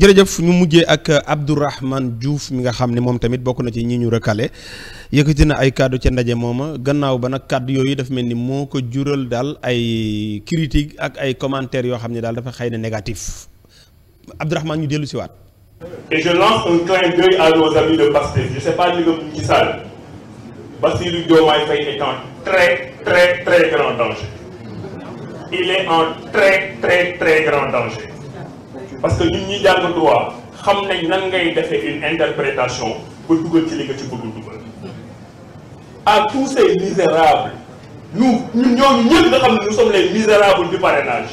jërëjëf ñu mujjee ak Abdourahmane Diouf mi nga xam ne moom tamit bokk na ci ñi ñu recalé yëkkati na ay kàddu ca ndaje mooma gannaaw ba nag kàddu yooyu dafa mel ni moo ko jural daal ay critique ak ay commentaires yoo xam ne daal dafa xëy na négatif Abdourahmane ñu dellu waat. et je lance un clin d'œil à nos amis de Pastef je sais pas ñu ngi ci salle Bassirou en très très très grand danger parce que ñun ñi jàng droit xam nañ nan interprétation ba dugal ci li nga ci bëggul dugal à tous ces misérables nous ñun ñooñu ñëpp nga xam ne nous sommes les misérables du parrainage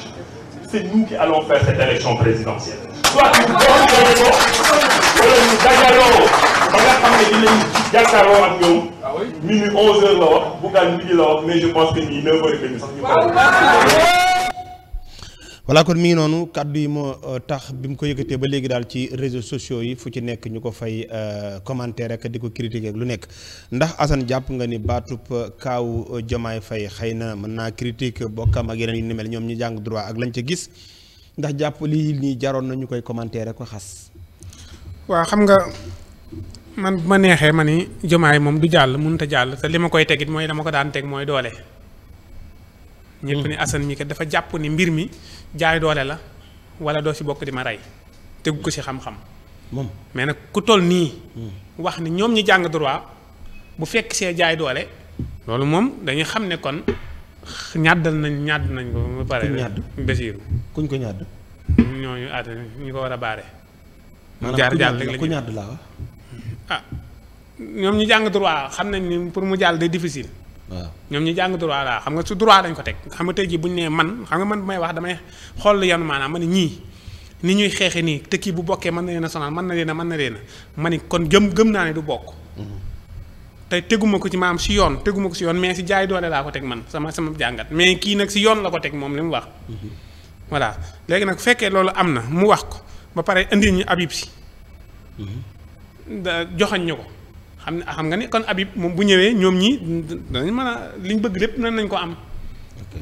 c'est nous qui allons faire cette élection présidentielle soit ñu booloo ko wala ñu dajaloo ba nga xam ne dinañ jàkkaarloo ak ñoom ah minuit onze heures la wax bu gaan midi la wax mais je pense que nii neuf heures et demie sax ñu ko voilà kon mi ngi noonu kàddu yi moo euh, tax bi mu ko yëkkatee ba léegi daal ci réseaux sociaux yi fu ci nekk ñu ko fay euh, commenter rek di ko critiquer ak lu nekk ndax Assane jàpp nga ni baatub euh, kaaw Jomaay Fay xëy na mën naa critique bokkam ak yeneen yu ni mel ñoom ñu jàng droit ak lañ ca gis ndax jàpp lii nii jaroon na ñu koy commenter rek ko xas. waa xam nga man bu ma neexee ma ni Jomaay moom du jàll mun a jàll te li ma koy tegit mooy dama ko daan teg mooy doole. ñëpp ni Assane mi kat dafa jàpp ni mbir mi jaay doole la wala doo ci bokk di ma rey tegu ko ci xam-xam. moom mais nag ku toll nii. Hmm. wax ni ñoom ñi jàng droit bu fekk see jaay doole. loolu moom dañuy xam ne kon ñàddal nañ ñàdd nañ ko ba pare. Basiiru kuñ ko ñàdd. ñooñu àtte ñu ko war a baare. jaar jaar rek la ku ñàdd laa ah, ñoom ñu jàng droit xam nañ ni pour mu jàll day difficile. waaw ñoom ñi jàng droit laa xam nga su droit lañ ko teg xam nga tey jii bu ñu nee man xam nga man bu may wax damay xool lu yanu maanaam ma ne ñii ni ñuy xeexe nii te kii bu bokkee mën na leen a mën na leen a mën na leen ma ni kon gëm gëm naa ne du bokk mm-hmm. te teguma ko ci maam si yoon teguma ko si yoon mais si jaay doole laa ko teg man sama sama jàngat mais kii nag si yoon la ko teg moom li mu wax mm-hmm. voilà léegi nag fekkee loolu am na mu wax ko ba pare indi ñu abib si mm-hmm. joxañ ñu ko am xam xam nga ni kon Habib moom bu ñëwee ñoom ñi danañ man a liñ bëgg lépp nan nañ ko am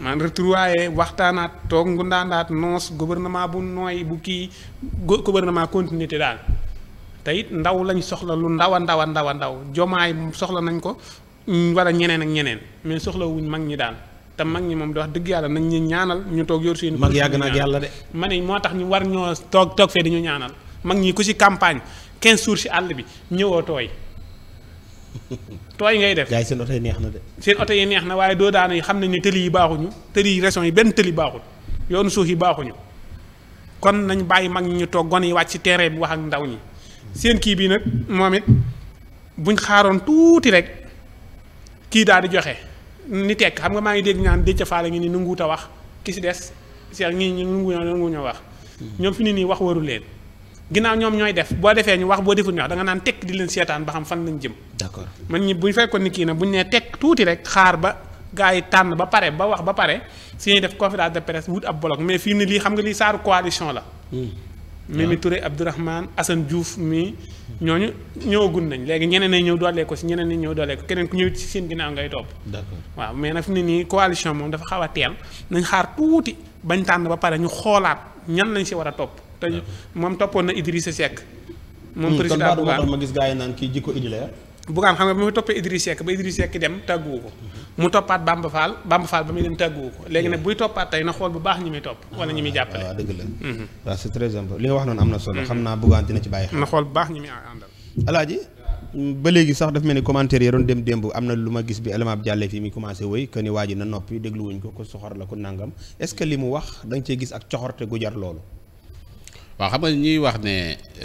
man waaye waxtaanaat toog ndaandaat noos gouvernement bu nooy bu kii gouvernement continuité daal te it ndaw lañ soxla lu ndawa a ndawa ndaw a ndaw jomaay soxla nañ ko wala ñeneen ak ñeneen mais soxla wuñ mag ñi daal te mag ñi moom di wax dëgg yàlla nañ ñu ñaanal ñu toog yor si seen mag yàgg naa ak yàlla de man yi moo tax ñu war ñoo toog toog fee di ñu ñaanal mag ñi ku ci campagne 15 jours ci àll bi ñëwoo tooy tooy ngay def. gars yi seen oto yi neex na de. seen oto yi neex na waaye doo daana yi xam nañ ne tëli yi baaxuñu tëli yi régions yi benn tëli baaxul yoonu suuf yi baaxuñu kon nañ bàyyi mag ñu toog gone yi wàcc ci terrain bi wax ak ndaw ñi seen kii bii nag moom it buñ xaaroon tuuti rek kii daal di joxe ni tekk xam nga maa ngi dégg ñaan Déthié Fall ngi ni nanguut a wax ki si des Cheikh ñii ñu nanguñoo nanguñoo wax hmm. ñoom fi ni nii wax waru leen ginnaaw ñoom ñooy def boo defee ñu wax boo deful ñu wax da naan tekk di leen seetaan ba xam fan lañ jëm. d'accord man ñi bu ñu fekkoon ni kii bu ñu nee tekk tuuti rek xaar ba gars yi tànn ba pare ba wax ba pare si ñu def conférence de presse wut ab bloc mais fii ni lii xam nga lii saaru coalition la. Hmm. Mimi Touré Abdourahmane Assane Diouf mi ñooñu ñëwagun nañ léegi ñeneen ñi ñëw doolee ko si ñeneen ñi ñëw doolee keneen ku ñëw ci seen ginnaaw ngay topp. d'accord waaw mais nag fi ne nii coalition moom dafa xaw a teel nañ xaar tuuti bañ tànn ba pare ñu xoolaat ñan lañ si war a topp te moom toppoon na Idrissa Seck. moom hmm, président Bougane gis gars yi naan kii jikko Idi la Bougane xam nga ba mu toppee Idrissa Seck ba Idrissa Seck dem tàgguwu ko mu toppaat Bamba Fall Bamba Fall ba muy dem tàgguwu ko léegi nag buy toppaat tey na xool bu baax ñi muy topp wala ñi muy ah, jàppale waaw dëgg la hmm. li wax noonu am na solo hmm. xam naa Bougane dina ci bàyyi xel na baax ñi muy àndal alaaji ba léegi sax dem démb na lu ma gis bi élément bi jàllee fii mi commencé wëy que waa ji na noppi dégluwuñ ko ko soxor la ko nàngam est-ce que li mu wax da nga cee gis ak coxorte gu jar loolu waaw xam ñuy wax ne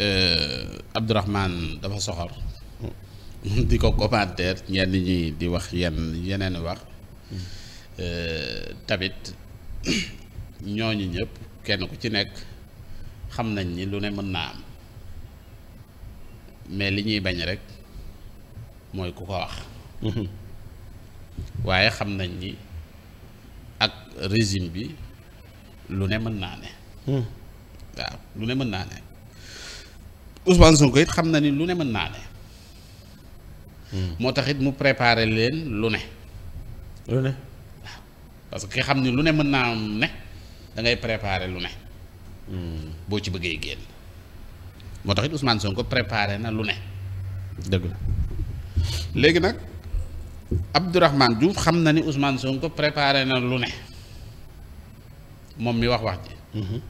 euh, Abdourahmane dafa soxor di ko commentaire ñenn ñi di wax yenn yeneen wax euh, tamit ñooñu ñëpp kenn ku ci nekk xam nañ ni lu ne mën naa am mais li ñuy bañ rek mooy ku ko wax waaye xam nañ ni ak résime bi lu ne mën naa ne hmm. waaw lu ne mën naa ne Ousmane Sonko it xam na ni lu ne mën naa ne. Hmm. moo tax it mu préparé leen lu ne. lu ne. waaw parce que xam ni lu ne mën naa ne da ngay préparé lu ne. Hmm. boo ci bëggee génn. moo tax it Ousmane Sonko préparé na lu ne. dëgg la léegi nag Abdourahmane Diouf xam na ni Ousmane Sonko préparé na lu ne moom mi wax wax ji. Hmm.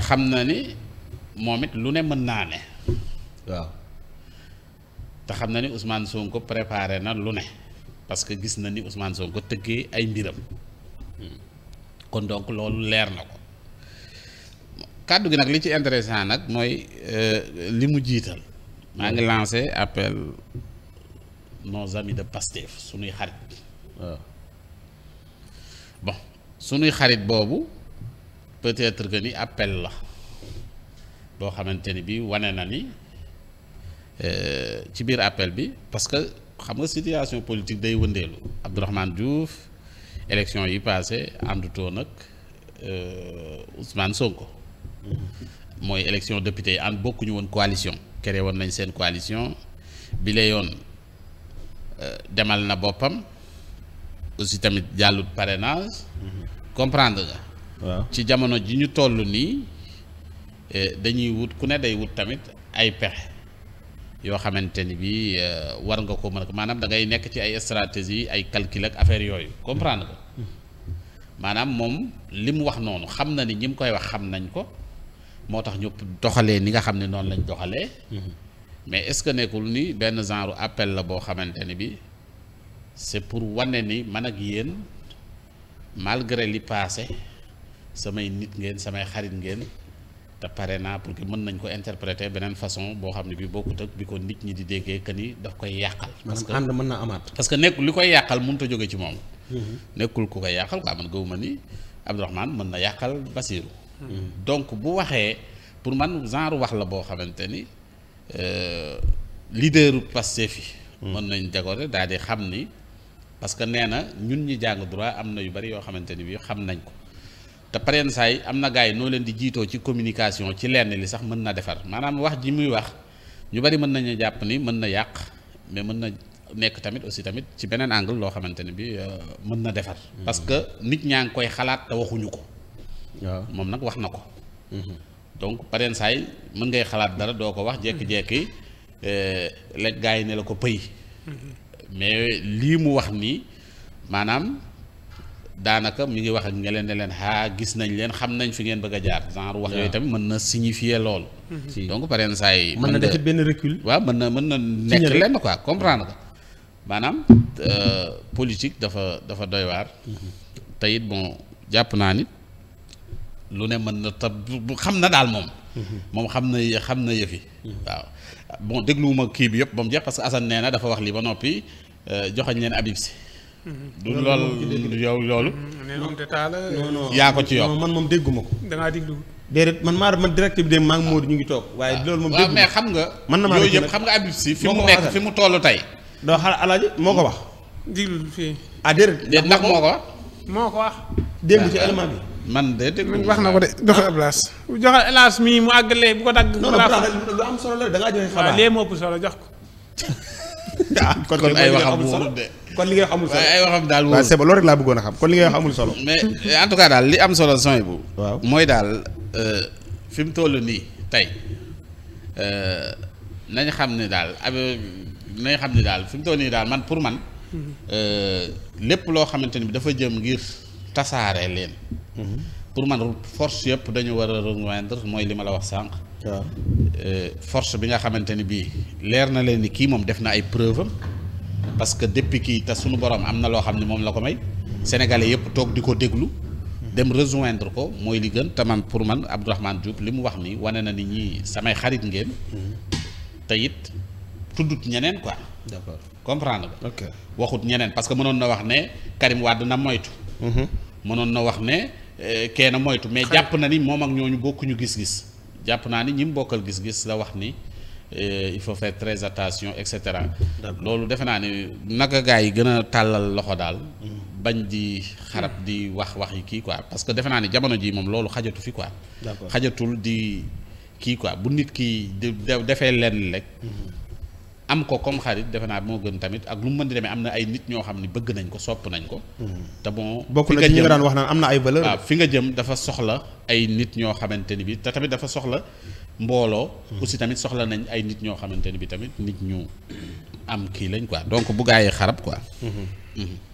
te xam na ni moom it lu ne mën naa ne. waaw te xam na ni Ousmane Sonko préparé na lu ne parce que gis na ni Ousmane Sonko tëggee ay mbiram kon donc loolu leer na ko kàddu gi nag li ci intéressant nag mooy euh, li mu jiital. maa ngi lancé appel nos amis de Pastef sunuy xarit. waaw bon sunuy xarit boobu. peut-être que ni appel la boo xamante ni bi wane na ni euh, ci biir appel bi parce que xam nga situation politique day wëndeelu Abdourahmane Diouf élection yi passé àndutoo nag euh, Ousmane Sonko mooy élection député yi ànd bokkuñu woon coalition créé woon nañ seen coalition bi la yoon euh, demal na boppam aussi tamit jàllut parrainage mm-hmm. comprendre nga waaw ci jamono ji ñu toll nii eh, dañuy wut ku ne day wut tamit ay pexe yoo xamante ni bi eh, war nga ko mën a maanaam dangay nekk ci ay stratégie ay calcul ak affaire yooyu comprendre nga hmm. maanaam moom li mu wax noonu xam na ni ñi mu koy wax xam nañ ko moo tax ñu doxalee ni nga xam ne noonu lañ doxalee. Hmm. mais est-ce que nekkul ni benn genre appel la boo xamante ni bi c'est pour wane ni man ak yéen malgré li passé. samay nit ngeen samay xarit ngeen te pare naa pour que mën nañ ko interpréter beneen façon boo xam ne bi bokkut ak bi ko nit ñi di déggee que ni daf koy yàqal. parce que ànd mën naa amaat. parce que nekkul li koy yàqal mënut a jóge ci moom. Mhm. nekkul ku koy yàqal quoi man gëwuma ni Abdourahmane mën na yàqal Basirou. Mhm. donc bu waxee pour man genre wax la boo xamante ni euh, leader Pastef yi. Mhm. mën nañ décorer daal di xam ni parce que nee na ñun ñi jàng droit am na yu bari yoo xamante ni bi xam nañ ko. te pareen saay am na gars yi noo leen di jiitoo ci communication ci lenn li sax mën na defar maanaam wax ji muy wax ñu bari mën nañu jàpp ni mën na yàq mais mën na nekk tamit aussi tamit ci beneen angle loo xamante ne bi euh, mën na defar mm-hmm. parce que nit ñaa ngi koy xalaat waxuñu ko waaw moom nag wax na ko mm-hmm. donc pareen saay mën ngay xalaat dara doo ko wax jekki-jekki mm-hmm. euh, lekk gars yi ne la ko pëy mais lii mu wax nii maanaam daanaka mi ngi wax ak ñeleen ne leen xaa gis nañ leen xam nañ fi ngeen bëgg a jaar genre wax yooyu tamit mën na signifier loolu mm-hmm. donc pareen saa yi mën na def benn recul waaw mën na mën na nekk lenn quoi comprendre que maanaam euh, politique dafa dafa doy waar mm-hmm. it bon jàpp naa nit lu ne mën na tab bu xam na daal moom mm-hmm. moom xam na xam na yëfi waaw bon dégluwuma kii bi yëpp ba mu jeex parce que Assane nee na dafa wax lii ba noppi euh, joxañ leen Habib si du loolu yow loolu. Mm, yaa ko ci yow man moom dégguma ko. da ngaa déglu. déedéet man maa man direct de maa ngi Modou ñu ngi toog. waaye ah. loolu moom dégguma xam nga. man na maa yooyu xam nga Habib mu nekk fi mu toll tey. doo moo ko wax. déglu fii. ah déedéet ndax moo ko wax. moo ko wax. dégg ci ah, élément bi. Ah. man de dégg wax na ko de joxe Ablaas. joxe Ablaas mii mu àggalee bu ko dagg. non non am solo la da ngaa joxe xabaar waaw lee moo solo jox ko Ah, kon kon ay waxam solo de kon li ngay wax amul solo ay waxam daal wóorul c'est bon rek laa bëggoon a xam kon li ngee wax solo. mais en tout daal li am solo son bu. waaw mooy daal euh, fi mu toll nii tey euh, nañ xam ne daal ab nañ xam ne daal fi mu toll nii daal man pour man. Mhm. Euh, lépp loo xamante ni bi dafa jëm ngir tasaare leen. Mhm. pour man force yëpp dañu war a rejoindre mooy li ma la wax sànq. Euh, force bi nga xamante ni bii leer na leen ni kii moom def na ay preuve am parce que depuis kii te sunu borom am na loo xam ne moom la ko may sénégalais yëpp toog di ko déglu dem rejoindre ko mooy li gën te man pour man Abdourahmane Diouf li mu wax ni wane na ni ñii samay xarit ngeen te it tuddut ñeneen quoi d'accord comprendre waxut ñeneen parce que mënoon na wax ne Karim Wade na moytu mhm. mënoon na wax ne eh, kenn moytu mais jàpp na ni moom ak ñooñu bokkuñu gis-gis jàpp naa ni ñi mu bokkal gis-gis la wax ni eh, il faut faire très attention et cetera. loolu defe naa ni naka gaa yi gën a tàllal loxo daal. Mm. bañ di xarab di wax wax yi kii quoi parce que defe naa ni jamono ji moom loolu xajatu fi quoi. xajatul di kii quoi bu nit ki defee lenn rek. Mm-hmm. am ko comme xarit defe naa moo gën tamit ak lu mu mën di demee am na ay nit ñoo xam ne bëgg nañ ko sopp nañ ko. Hmm. te bon bokk na ci ñi wax naan am na ay valeur. fi nga jëm dafa soxla ay nit ñoo xamante ni bi te tamit dafa soxla mbooloo. Hmm. aussi tamit soxla nañ ay nit ñoo xamante ni bi tamit nit ñu am kii lañ quoi donc bu gaa yi xarab quoi. Hmm.